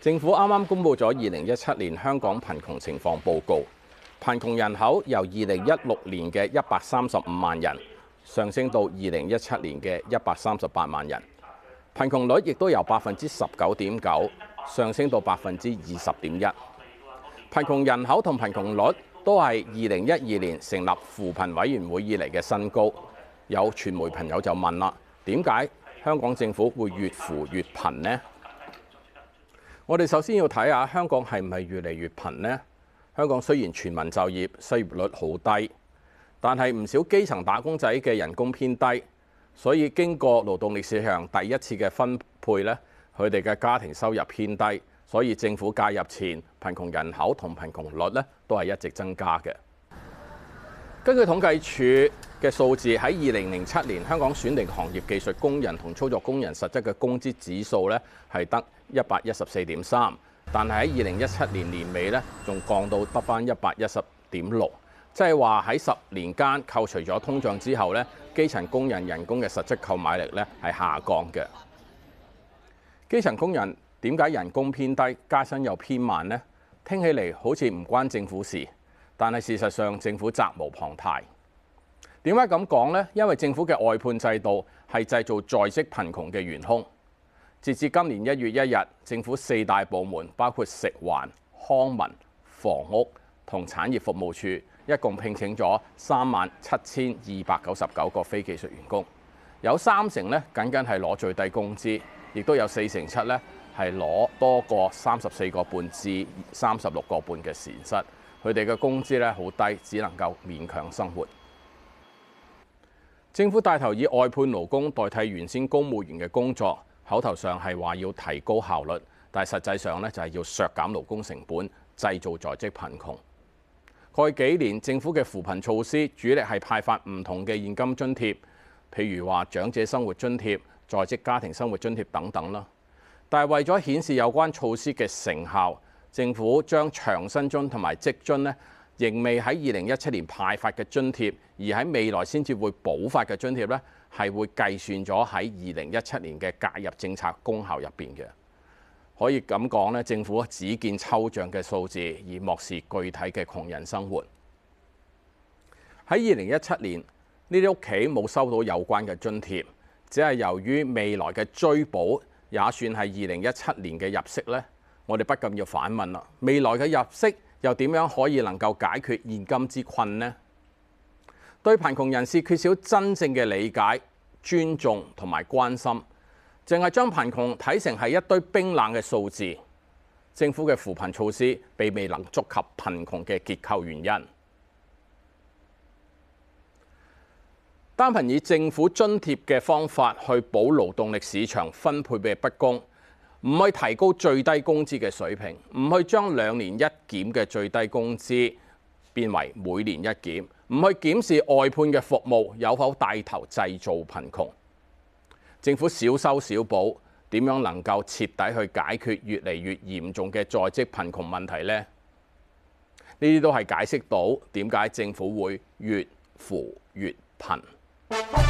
政府啱啱公布咗二零一七年香港貧窮情況報告，貧窮人口由二零一六年嘅一百三十五萬人上升到二零一七年嘅一百三十八萬人，貧窮率亦都由百分之十九點九上升到百分之二十點一。貧窮人口同貧窮率都係二零一二年成立扶貧委員會以嚟，嘅新高。有傳媒朋友就問啦，點解香港政府會越扶越貧呢？我哋首先要睇下香港係唔係越嚟越貧呢？香港雖然全民就業，失業率好低，但係唔少基層打工仔嘅人工偏低，所以經過勞動力市場第一次嘅分配呢，佢哋嘅家庭收入偏低，所以政府介入前，貧窮人口同貧窮率呢都係一直增加嘅。根據統計處。嘅數字喺二零零七年，香港選定行業技術工人同操作工人實質嘅工資指數呢，係得一百一十四點三，但係喺二零一七年年尾呢，仲降到得返一百一十點六，即係話喺十年間扣除咗通脹之後呢，基層工人人工嘅實質購買力呢，係下降嘅。基層工人點解人工偏低、加薪又偏慢呢？聽起嚟好似唔關政府事，但係事實上政府責無旁貸。點解咁講呢？因為政府嘅外判制度係製造在職貧窮嘅元兇。截至今年一月一日，政府四大部門包括食環康文房屋同產業服務處，一共聘請咗三萬七千二百九十九個非技術員工，有三成呢，僅僅係攞最低工資，亦都有四成七呢，係攞多過三十四個半至三十六個半嘅時薪。佢哋嘅工資呢，好低，只能夠勉強生活。政府帶頭以外判勞工代替原先公務員嘅工作，口頭上係話要提高效率，但實際上咧就係要削減勞工成本，製造在職貧窮。過去幾年政府嘅扶貧措施主力係派發唔同嘅現金津貼，譬如話長者生活津貼、在職家庭生活津貼等等啦。但係為咗顯示有關措施嘅成效，政府將長薪津同埋積津仍未喺二零一七年派發嘅津貼，而喺未來先至會補發嘅津貼，呢係會計算咗喺二零一七年嘅介入政策功效入邊嘅。可以咁講，呢政府只見抽象嘅數字，而漠視具體嘅窮人生活。喺二零一七年，呢啲屋企冇收到有關嘅津貼，只係由於未來嘅追補也算係二零一七年嘅入息呢，我哋不禁要反問啦，未來嘅入息？又點樣可以能夠解決現今之困呢？對貧窮人士缺少真正嘅理解、尊重同埋關心，淨係將貧窮睇成係一堆冰冷嘅數字。政府嘅扶貧措施並未能觸及貧窮嘅結構原因。單憑以政府津貼嘅方法去補勞動力市場分配嘅不公。唔去提高最低工資嘅水平，唔去將兩年一檢嘅最低工資變為每年一檢，唔去檢視外判嘅服務有否帶頭製造貧窮，政府小修小補，點樣能夠徹底去解決越嚟越嚴重嘅在職貧窮問題呢？呢啲都係解釋到點解政府會越扶越貧。